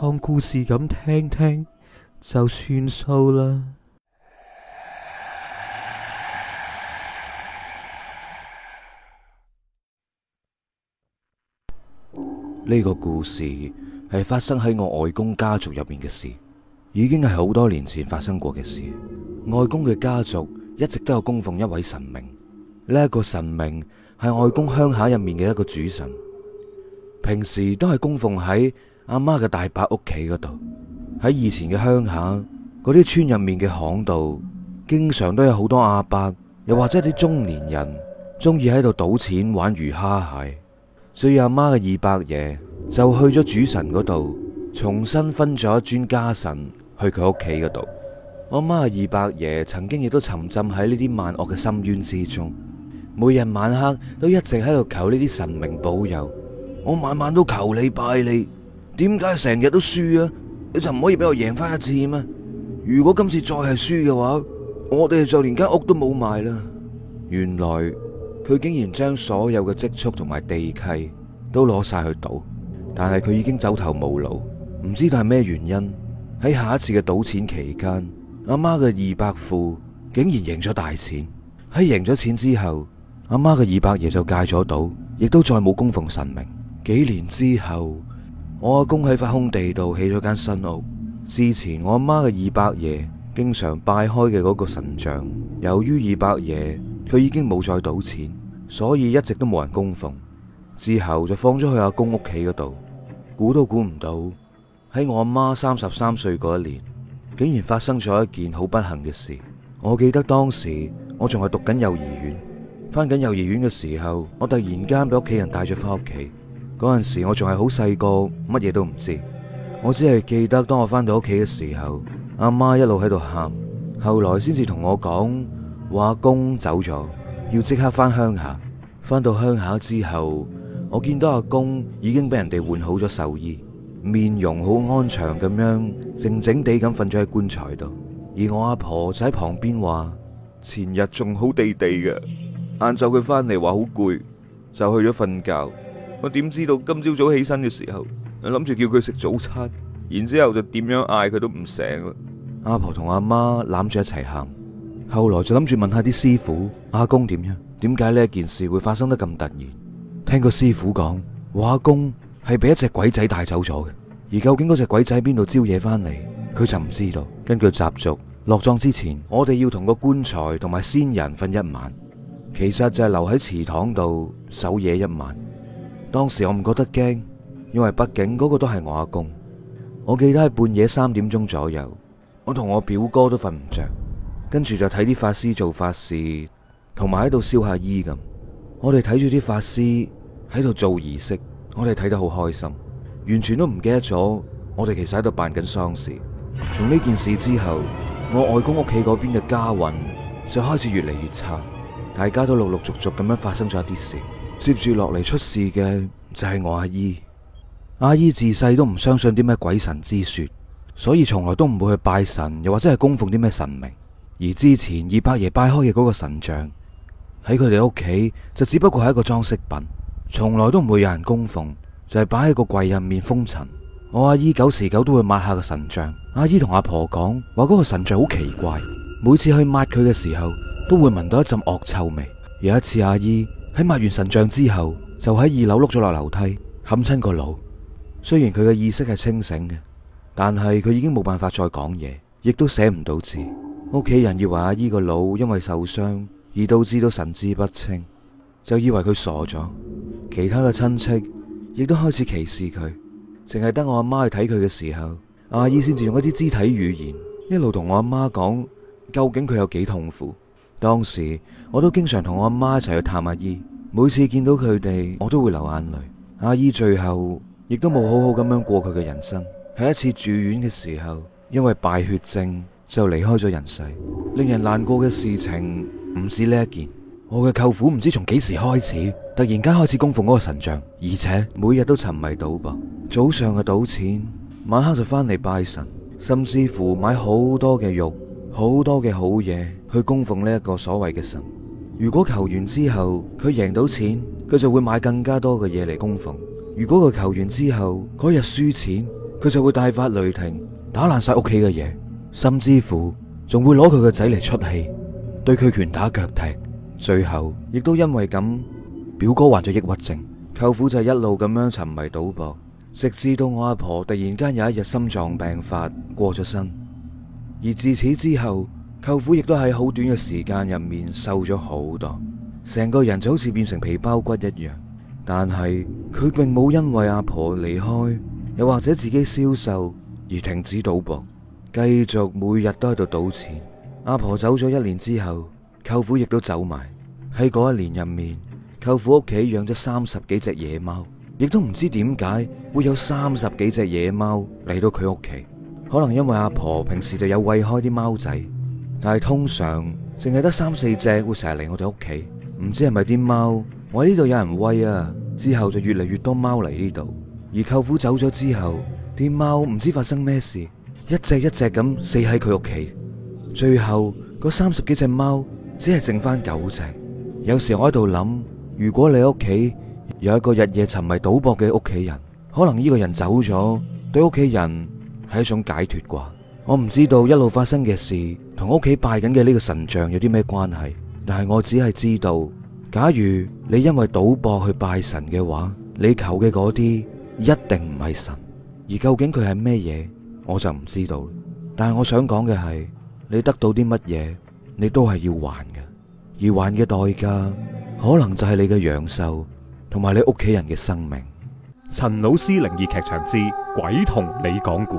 當故事咁聽聽就算數啦。呢個故事係發生喺我外公家族入面嘅事，已經係好多年前發生過嘅事。外公嘅家族一直都有供奉一位神明，呢一個神明係外公鄉下入面嘅一個主神，平時都係供奉喺。阿媽嘅大伯屋企嗰度，喺以前嘅鄉下嗰啲村入面嘅巷度，經常都有好多阿伯，又或者啲中年人，中意喺度賭錢玩魚蝦蟹。所以阿媽嘅二伯爺就去咗主神嗰度，重新分咗一尊家神去佢屋企嗰度。我阿媽嘅二伯爺曾經亦都沉浸喺呢啲萬惡嘅深淵之中，每日晚黑都一直喺度求呢啲神明保佑。我晚晚都求你拜你。點解成日都輸啊？你就唔可以俾我贏翻一次咩？如果今次再係輸嘅話，我哋就連間屋都冇埋啦。原來佢竟然將所有嘅積蓄同埋地契都攞晒去賭，但係佢已經走投無路，唔知道係咩原因。喺下一次嘅賭錢期間，阿媽嘅二伯父竟然贏咗大錢。喺贏咗錢之後，阿媽嘅二伯爺就戒咗賭，亦都再冇供奉神明。幾年之後。我阿公喺幅空地度起咗間新屋，之前我阿媽嘅二伯爺經常拜開嘅嗰個神像，由於二伯爺佢已經冇再賭錢，所以一直都冇人供奉。之後就放咗去阿公屋企嗰度，估都估唔到，喺我阿媽三十三歲嗰一年，竟然發生咗一件好不幸嘅事。我記得當時我仲係讀緊幼兒園，翻緊幼兒園嘅時候，我突然間俾屋企人帶咗翻屋企。嗰陣時我仲係好細個，乜嘢都唔知。我只係記得當我翻到屋企嘅時候，阿媽一路喺度喊。後來先至同我講話，阿公走咗，要即刻翻鄉下。翻到鄉下之後，我見到阿公已經俾人哋換好咗壽衣，面容好安詳咁樣，靜靜地咁瞓咗喺棺材度。而我阿婆就喺旁邊話，前日仲好地地嘅，晏晝佢翻嚟話好攰，就去咗瞓覺。我點知道今朝早起身嘅時候，諗住叫佢食早餐，然之後就點樣嗌佢都唔醒啦。阿婆同阿媽攬住一齊喊，後來就諗住問下啲師傅，阿公點樣？點解呢件事會發生得咁突然？聽個師傅講，話阿公係俾一隻鬼仔帶走咗嘅，而究竟嗰隻鬼仔喺邊度招惹翻嚟，佢就唔知道。根據習俗，落葬之前，我哋要同個棺材同埋先人瞓一晚，其實就係留喺祠堂度守夜一晚。當時我唔覺得驚，因為畢竟嗰個都係我阿公。我記得係半夜三點鐘左右，我同我表哥都瞓唔着，跟住就睇啲法師做法事，同埋喺度燒下衣咁。我哋睇住啲法師喺度做儀式，我哋睇得好開心，完全都唔記得咗，我哋其實喺度辦緊喪事。從呢件事之後，我外公屋企嗰邊嘅家運就開始越嚟越差，大家都陸陸續續咁樣發生咗一啲事。接住落嚟出事嘅就係我阿姨，阿姨自細都唔相信啲咩鬼神之說，所以從來都唔會去拜神，又或者係供奉啲咩神明。而之前二伯爺拜開嘅嗰個神像，喺佢哋屋企就只不過係一個裝飾品，從來都唔會有人供奉，就係擺喺個櫃入面封塵。我阿姨九時九都會抹下個神像，阿姨同阿婆講，話嗰個神像好奇怪，每次去抹佢嘅時候都會聞到一陣惡臭味。有一次阿姨。喺抹完神像之後，就喺二樓碌咗落樓梯，冚親個腦。雖然佢嘅意識係清醒嘅，但係佢已經冇辦法再講嘢，亦都寫唔到字。屋企人以為阿姨個腦因為受傷而導致到都神志不清，就以為佢傻咗。其他嘅親戚亦都開始歧視佢，淨係得我阿媽去睇佢嘅時候，阿姨先至用一啲肢體語言一路同我阿媽講究竟佢有幾痛苦。當時我都經常同我阿媽一齊去探阿姨，每次見到佢哋，我都會流眼淚。阿姨最後亦都冇好好咁樣過佢嘅人生。喺一次住院嘅時候，因為敗血症就離開咗人世。令人難過嘅事情唔止呢一件。我嘅舅父唔知從幾時開始，突然間開始供奉嗰個神像，而且每日都沉迷賭博。早上就賭錢，晚黑就翻嚟拜神，甚至乎買好多嘅肉，多好多嘅好嘢。去供奉呢一個所謂嘅神。如果求完之後佢贏到錢，佢就會買更加多嘅嘢嚟供奉；如果佢求完之後嗰日輸錢，佢就會大發雷霆，打爛晒屋企嘅嘢，甚至乎仲會攞佢嘅仔嚟出氣，對佢拳打腳踢。最後亦都因為咁，表哥患咗抑鬱症，舅父就一路咁樣沉迷賭博，直至到我阿婆突然間有一日心臟病發過咗身，而自此之後。舅父亦都喺好短嘅時間入面瘦咗好多，成個人就好似變成皮包骨一樣。但係佢並冇因為阿婆離開，又或者自己消瘦而停止賭博，繼續每日都喺度賭錢。阿婆走咗一年之後，舅父亦都走埋。喺嗰一年入面，舅父屋企養咗三十幾隻野貓，亦都唔知點解會有三十幾隻野貓嚟到佢屋企，可能因為阿婆平時就有餵開啲貓仔。但係通常淨係得三四隻 3, 隻會成日嚟我哋屋企，唔知係咪啲貓，我呢度有人喂啊，之後就越嚟越多貓嚟呢度。而舅父走咗之後，啲貓唔知發生咩事，一隻一隻咁死喺佢屋企，最後嗰三十幾隻貓只係剩翻九隻。有時我喺度諗，如果你屋企有一個日夜沉迷賭博嘅屋企人，可能呢個人走咗對屋企人係一種解脫啩。我唔知道一路發生嘅事。同屋企拜緊嘅呢個神像有啲咩關係？但係我只係知道，假如你因為賭博去拜神嘅話，你求嘅嗰啲一定唔係神。而究竟佢係咩嘢，我就唔知道。但係我想講嘅係，你得到啲乜嘢，你都係要還嘅。而還嘅代價，可能就係你嘅陽壽，同埋你屋企人嘅生命。陳老師靈異劇場之鬼同你講故」。